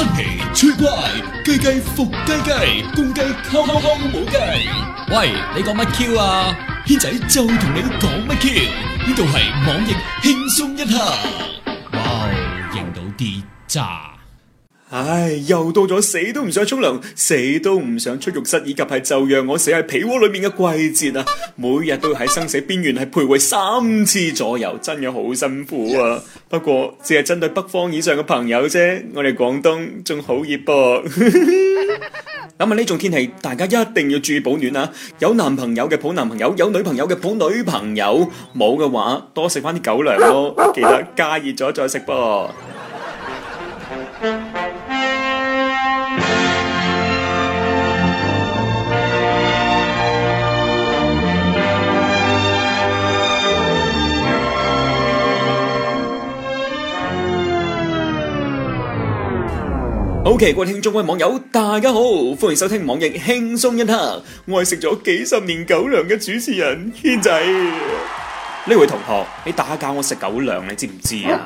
真奇出怪，雞雞伏雞雞，公雞敲敲敲，冇雞。喂，你講乜 Q 啊？軒仔就同你講乜 Q？呢度係網易輕鬆一下，哇哦，認到啲渣。唉，又到咗死都唔想沖涼、死都唔想，想出浴室，以及係就讓我死喺被窩裏面嘅季節啊！每日都喺生死邊緣係徘徊三次左右，真係好辛苦啊！Yes. 不過只係針對北方以上嘅朋友啫，我哋廣東仲好熱噃。諗下呢種天氣，大家一定要注意保暖啊！有男朋友嘅抱男朋友，有女朋友嘅抱女朋友，冇嘅話多食翻啲狗糧咯，記得加熱咗再食噃。 好奇怪！聽眾位網友，大家好，歡迎收聽網易輕鬆一刻。我係食咗幾十年狗糧嘅主持人軒仔。呢位同學，你打攪我食狗糧，你知唔知啊？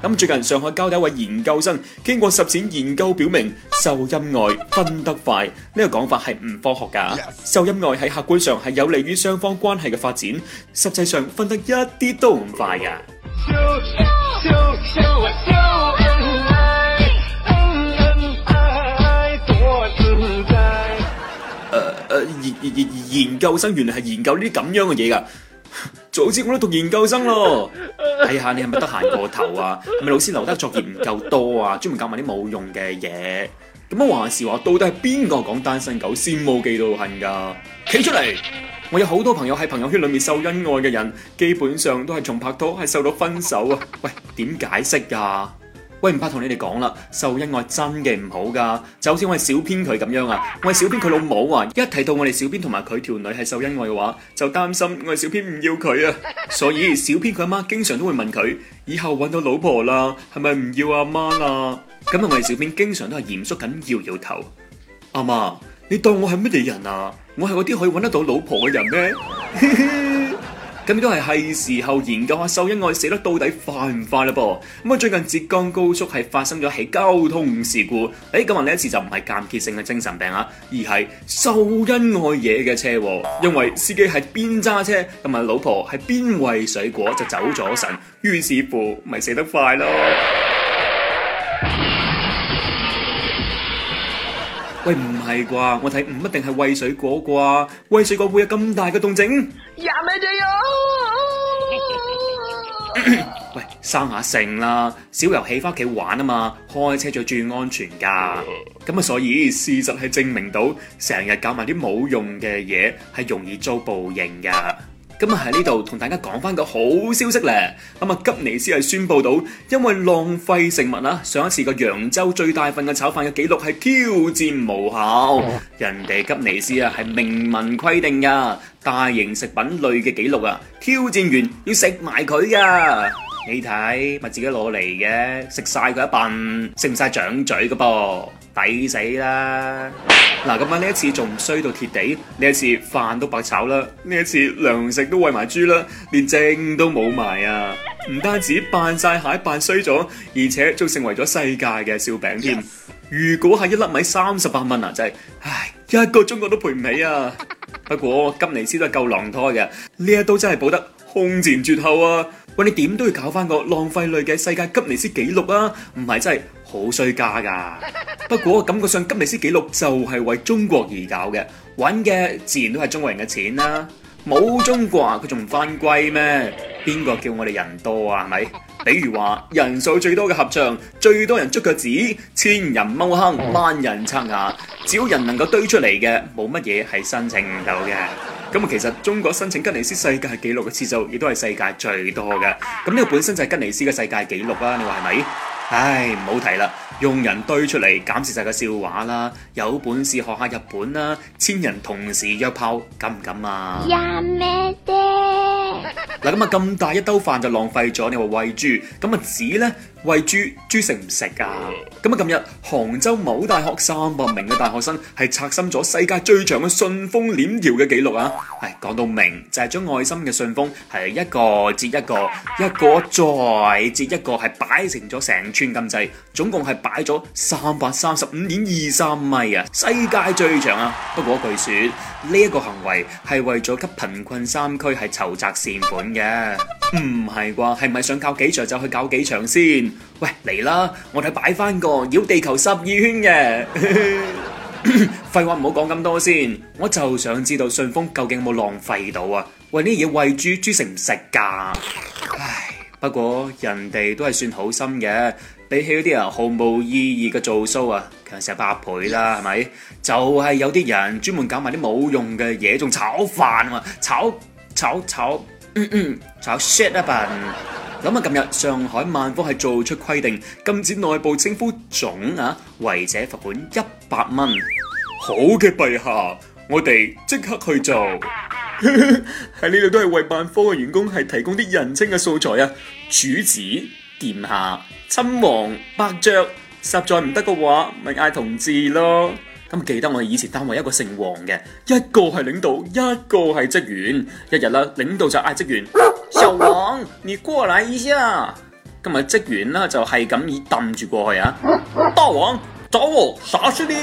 咁最近上海交大一位研究生經過實踐研究表明，秀恩愛分得快呢個講法係唔科學噶。秀恩愛喺客觀上係有利於雙方關係嘅發展，實際上分得一啲都唔快噶。研究生原來係研究呢啲咁樣嘅嘢噶， 早知我都讀研究生咯。睇、哎、下你係咪得閒過頭啊？係咪老師留得作業唔夠多啊？專門教埋啲冇用嘅嘢。咁話時話，到底係邊個講單身狗羨慕嫉妒恨噶？企出嚟！我有好多朋友喺朋友圈裏面秀恩愛嘅人，基本上都係從拍拖係受到分手啊。喂，點解釋噶？喂，唔怕同你哋講啦，秀恩愛真嘅唔好噶，就好似我係小編佢咁樣啊，我係小編佢老母啊，一睇到我哋小編同埋佢條女係秀恩愛嘅話，就擔心我哋小編唔要佢啊，所以小編佢阿媽經常都會問佢，以後搵到老婆啦，係咪唔要阿媽啦？咁啊，我哋小編經常都係嚴肅咁搖搖頭，阿媽，你當我係乜嘢人啊？我係嗰啲可以搵得到老婆嘅人咩？ 咁都係係時候研究下秀恩愛死得到底快唔快啦噃！咁啊，最近浙江高速係發生咗起交通事故。誒、哎，咁話呢一次就唔係間歇性嘅精神病啊，而係秀恩愛惹嘅車禍，因為司機係邊揸車，同埋老婆係邊餵水果就走咗神，於是乎咪死得快咯。喂，唔係啩？我睇唔一定係餵水果啩？餵水果會有咁大嘅動靜？生下性啦，小遊戲翻屋企玩啊嘛。開車就注意安全噶。咁啊，所以事實係證明到成日搞埋啲冇用嘅嘢係容易遭報應噶。咁啊喺呢度同大家講翻個好消息咧。咁啊吉尼斯係宣布到，因為浪費食物啊，上一次個揚州最大份嘅炒飯嘅紀錄係挑戰無效。人哋吉尼斯啊係明文規定噶，大型食品類嘅紀錄啊挑戰完要食埋佢噶。你睇，咪自己攞嚟嘅，食晒佢一笨，食唔晒掌嘴噶噃，抵死啦！嗱，咁樣呢一次仲衰到貼地，呢一次飯都白炒啦，呢一次糧食都餵埋豬啦，連正都冇埋啊！唔單止扮晒蟹扮衰咗，而且仲成為咗世界嘅笑柄添。Yes. 如果係一粒米三十八蚊啊，真係，唉，一個中國都賠唔起啊！ 不過吉尼斯都係夠狼胎嘅，呢一刀真係補得空前絕後啊！喂，你點都要搞翻個浪費類嘅世界吉尼斯紀錄啊？唔係真係好衰家噶。不過感覺上吉尼斯紀錄就係為中國而搞嘅，玩嘅自然都係中國人嘅錢啦、啊。冇中國啊，佢仲唔犯規咩？邊個叫我哋人多啊？係咪？比如話人數最多嘅合唱，最多人捉腳趾，千人踎坑，萬人刷牙，只要人能夠堆出嚟嘅，冇乜嘢係申請唔到嘅。咁啊，其實中國申請吉尼斯世界紀錄嘅次數，亦都係世界最多嘅。咁呢個本身就係吉尼斯嘅世界紀錄啦，你話係咪？唉，唔好提啦，用人堆出嚟，減少晒個笑話啦。有本事學下日本啦，千人同時約炮，敢唔敢啊？嗱咁啊，咁大一兜飯就浪費咗，你話喂豬咁啊紙呢？喂豬，豬食唔食啊？咁啊今日杭州某大學三百名嘅大學生係刷新咗世界最長嘅信封鏈條嘅紀錄啊！係講到明就係、是、將愛心嘅信封係一個接一個，一個再接一個係擺成咗成串咁滯，總共係擺咗三百三十五點二三米啊！世界最長啊，不過據說。呢一個行為係為咗給貧困山區係籌集善款嘅，唔係啩？係咪想搞幾場就去搞幾場先？喂，嚟啦，我哋擺翻個繞地球十二圈嘅。 廢話唔好講咁多先，我就想知道信豐究竟有冇浪費到啊？喂，呢嘢餵豬，豬食唔食㗎？唉，不過人哋都係算好心嘅。比起嗰啲人毫無意義嘅做騷啊，強成百倍啦，係咪？就係、是、有啲人專門搞埋啲冇用嘅嘢，仲炒飯啊，炒炒炒，嗯嗯，炒 shit 啊笨！諗下近日上海萬科係做出規定，禁止內部稱呼總啊，違者罰款一百蚊。好嘅，陛下，我哋即刻去做。喺呢度都係為萬科嘅員工係提供啲人稱嘅素材啊，主子。殿下、親王、伯爵，實在唔得嘅話，咪嗌同志咯。咁、嗯、記得我以前單位一個姓王嘅，一個係領導，一個係職員。一日啦，領導就嗌職員，小王， 你過來一下。今日職員啦，就係咁以氹住過去啊。大王， 找、si、我，啥事呢？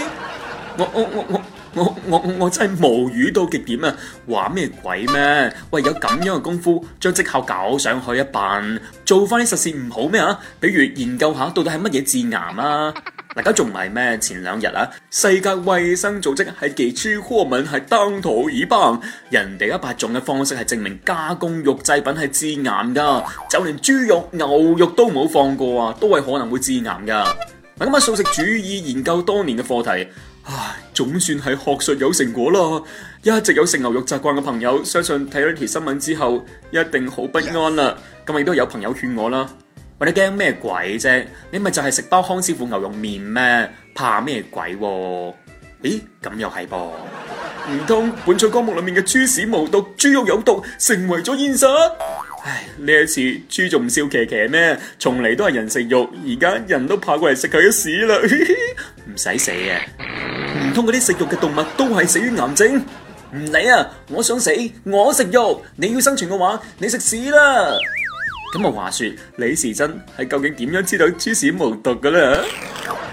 我我我我。我我我真係無語到極點啊！話咩鬼咩、啊？喂，有咁樣嘅功夫，將績效搞上去一半，做翻啲實事唔好咩嚇？比如研究下到底係乜嘢致癌啊？大家仲唔係咩？前兩日啊，世界衛生組織係寄出荒謬，係登徒爾邦。人哋一百種嘅方式係證明加工肉製品係致癌㗎，就連豬肉、牛肉都冇放過啊，都係可能會致癌㗎。嗱，今素食主義研究多年嘅課題。唉，總算係學術有成果咯！一直有食牛肉習慣嘅朋友，相信睇咗呢條新聞之後，一定好不安啦。咁亦都有朋友勸我啦，喂，你驚咩鬼啫？你咪就係食包康師傅牛肉麵咩？怕咩鬼？咦，咁又係噃？唔通本草綱目裏面嘅豬屎無毒，豬肉有毒，成為咗現實？唉，呢一次豬仲唔笑騎騎咩？從嚟，都係人食肉，而家人都跑過嚟食佢嘅屎啦，唔 使死嘅。」通嗰啲食肉嘅動物都係死於癌症，唔理啊！我想死，我食肉，你要生存嘅話，你食屎啦！咁啊話說，李時珍係究竟點樣知道豬屎無毒嘅咧？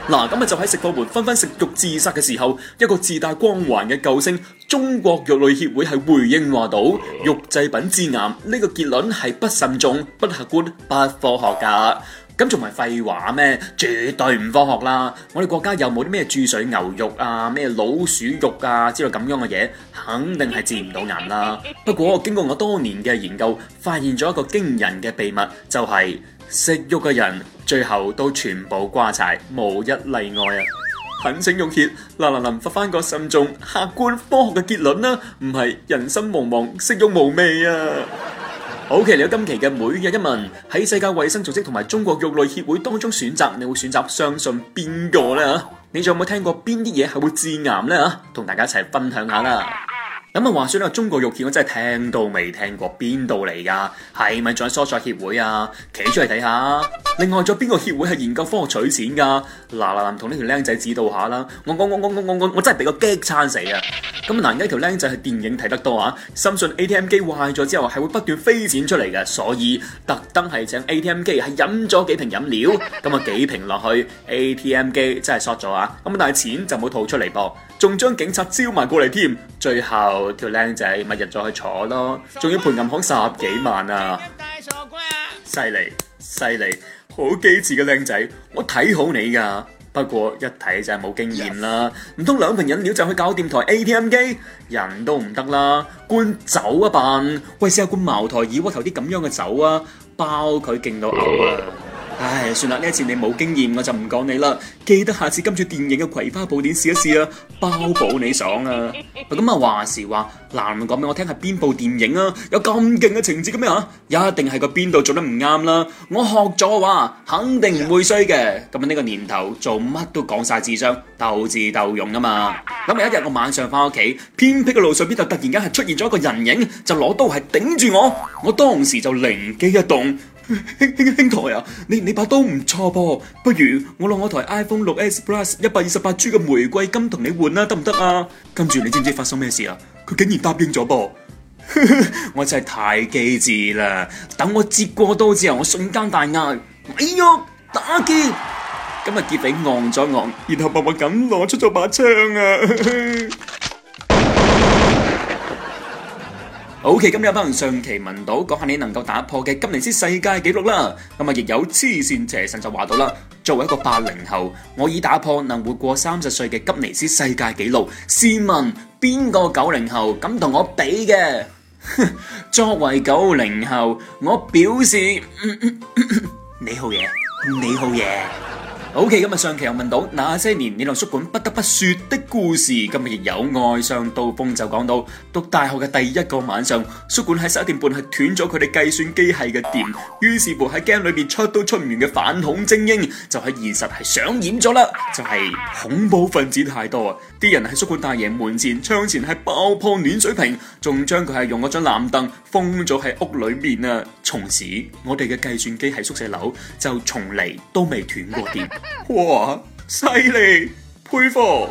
嗱，咁啊就喺食貨們紛紛食肉自殺嘅時候，一個自帶光環嘅救星——中國肉類協會係回應話到：肉製品致癌呢個結論係不慎重、不客觀、不科學噶。咁仲係廢話咩？絕對唔科學啦！我哋國家有冇啲咩注水牛肉啊、咩老鼠肉啊之類咁樣嘅嘢，肯定係治唔到人啦。 不過經過我多年嘅研究，發現咗一個驚人嘅秘密，就係、是、食肉嘅人最後都全部瓜柴，無一例外啊！懇請用血嗱嗱臨發翻個慎重客觀科學嘅結論啦、啊，唔係人生茫茫，食肉無味啊！好嘅，你有、okay，今期嘅每日一問喺世界衛生組織同埋中國肉類協會當中選擇，你會選擇相信邊個呢？你仲有冇聽過邊啲嘢係會致癌呢？同大家一齊分享下啦。咁啊，話說咧，中國肉協我真係聽都未聽過，邊度嚟噶？係咪仲有蔬菜協會啊？企出嚟睇下。另外，仲有邊個協會係研究科學取錢噶？嗱嗱，唔同呢條僆仔指導下啦。我我我我我我我真係畀個激撐死啊！咁啊，難怪條僆仔係電影睇得多啊。深信 ATM 機壞咗之後係會不斷飛錢出嚟嘅，所以特登係請 ATM 機係飲咗幾瓶飲料。咁啊，幾瓶落去 ATM 機真係 short 咗啊。咁啊，但係錢就冇吐出嚟噃，仲將警察招埋過嚟添。最後。條靚仔，咪日再去坐咯，仲要賠銀行十幾萬啊！犀利犀利，好機智嘅靚仔，我睇好你噶。不過一睇就係冇經驗啦，唔通兩瓶飲料就去搞掂台 ATM 機？人都唔得啦，灌酒啊辦？喂，試下灌茅台二鍋頭啲咁樣嘅酒啊，包佢勁到嘔啊！唉，算啦，呢一次你冇經驗，我就唔講你啦。記得下次跟住電影嘅《葵花寶典》試一試啊，包保，保你爽啊！咁啊，話時話，嗱，講俾我聽係邊部電影啊？有咁勁嘅情節嘅咩？啊？一定係個邊度做得唔啱啦！我學咗嘅話，肯定唔會衰嘅。咁啊，呢個年頭做乜都講晒智商，鬥智鬥勇啊嘛！咁有一日我晚上翻屋企，偏僻嘅路上邊就突然間係出現咗一個人影，就攞刀係頂住我，我當時就靈機一動。兄兄台啊，你你把刀唔錯噃，不如我攞我台 iPhone 六 S Plus 一百二十八 G 嘅玫瑰金同你換啦，得唔得啊？跟住你知唔知發生咩事啊？佢竟然答應咗噃，我真係太機智啦！等我接過刀之後，我瞬間大嗌：「咪郁，打劫！」今日劫匪昂咗昂，然後默默咁攞出咗把槍啊！OK，今日有班人上期問到講下你能夠打破嘅吉尼斯世界紀錄啦。咁啊，亦有黐線邪神就話到啦。作為一個八零後，我已打破能活過三十歲嘅吉尼斯世界紀錄。試問邊個九零後敢同我比嘅？作為九零後，我表示你好嘢，你好嘢。Ok，今日上期又問到那些年你同宿管不得不說的故事。今日亦有愛上刀鋒就講到讀大學嘅第一個晚上，宿管喺十一點半係斷咗佢哋計算機系嘅電，於是乎喺遊戲裏面出都出唔完嘅反恐精英就喺現實係上演咗啦，就係、是、恐怖分子太多啊！啲人喺宿管大爺門前窗前係爆破暖水瓶，仲將佢係用嗰張懶凳封咗喺屋裏面啊！從此我哋嘅計算機喺宿舍樓就從嚟都未斷過電。哇！犀利，佩服。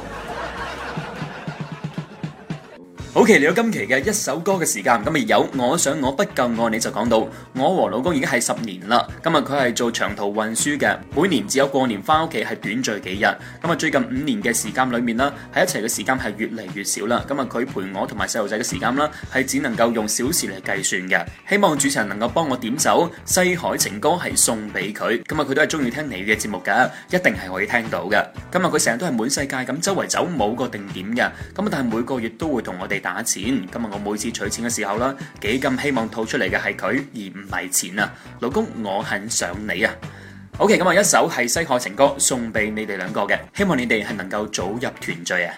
好嘅，你有、okay, 今期嘅一首歌嘅時間，今、嗯、日有我想我不夠愛你就講到，我和老公已經係十年啦。今日佢係做長途運輸嘅，每年只有過年返屋企係短聚幾日。咁、嗯、啊，最近五年嘅時間裏面啦，喺一齊嘅時間係越嚟越少啦。咁、嗯、啊，佢陪我同埋細路仔嘅時間啦，係只能夠用小時嚟計算嘅。希望主持人能夠幫我點首《西海情歌》係送俾佢。咁啊，佢都係中意聽你嘅節目嘅，一定係可以聽到嘅、嗯。今日佢成日都係滿世界咁周圍走冇個定點嘅，咁、嗯、啊，但係每個月都會同我哋。打錢，今日我每次取錢嘅時候咧，幾咁希望吐出嚟嘅係佢而唔係錢啊！老公，我很想你啊！OK，咁啊，一首係西海情歌送俾你哋兩個嘅，希望你哋係能夠早日團聚啊！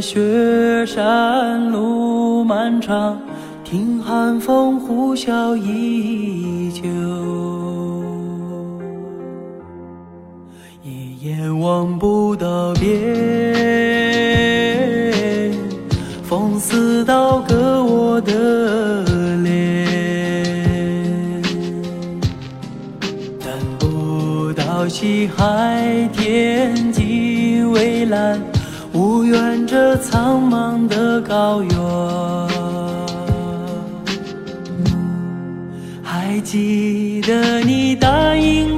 雪山路漫長，聽寒風呼嘯依舊，一眼望不到邊，風似刀割我的臉，等不到西海天際蔚藍。蒼茫的高原，嗯，還記得你答應我。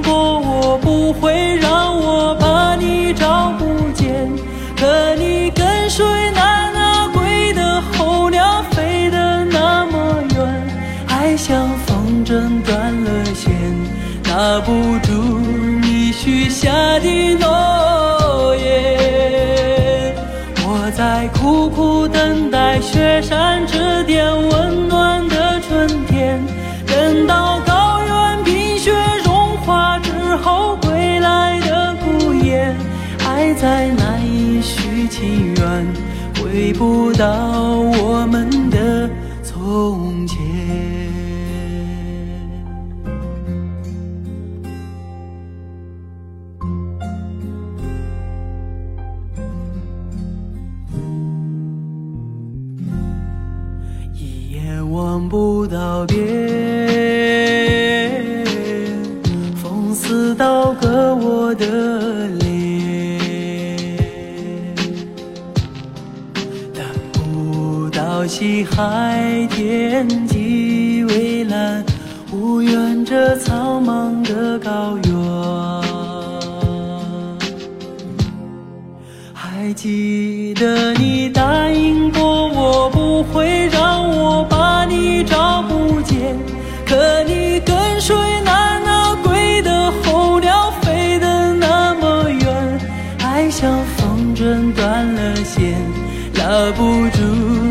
再難以續情緣，回不到我們的從前。可惜海天際蔚藍，無緣這蒼茫的高原。還記得你答應過我，不會讓我把你找不見。可你跟隨那南歸的候鳥飛得那麼遠，愛像風箏斷了線，拉不住。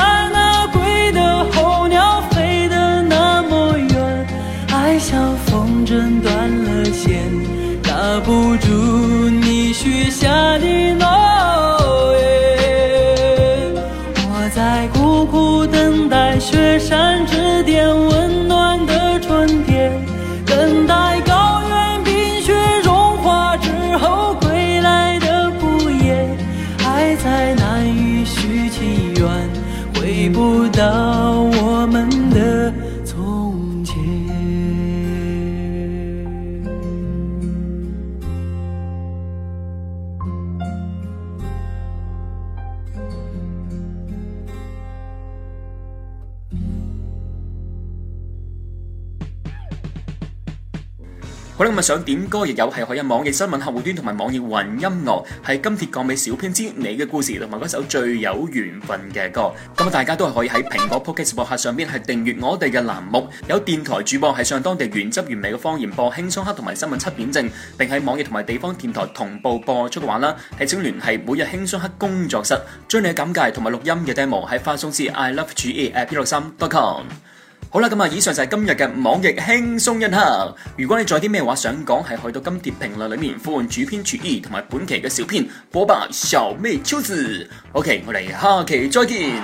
回不到我們的。我哋今日想點歌，亦有係可以喺網易新聞客戶端同埋網易雲音樂，係今次講俾小編知你嘅故事同埋嗰首最有緣分嘅歌。咁啊，大家都係可以喺蘋果 Podcast 播客上邊係訂閱我哋嘅欄目，有電台主播係上當地原汁原味嘅方言播輕鬆黑同埋新聞七點正，並喺網易同埋地方電台同步播出嘅話啦，係請聯繫每日輕鬆黑工作室，將你嘅簡介同埋錄音嘅 demo 喺發送至 iLoveGeeAt163.com。好啦，咁啊，以上就係今日嘅網易輕鬆一刻。如果你仲有啲咩話想講，係去到今帖評論裏面呼喚主編署名同埋本期嘅小編，播吧小妹秋子。OK，我哋下期再見。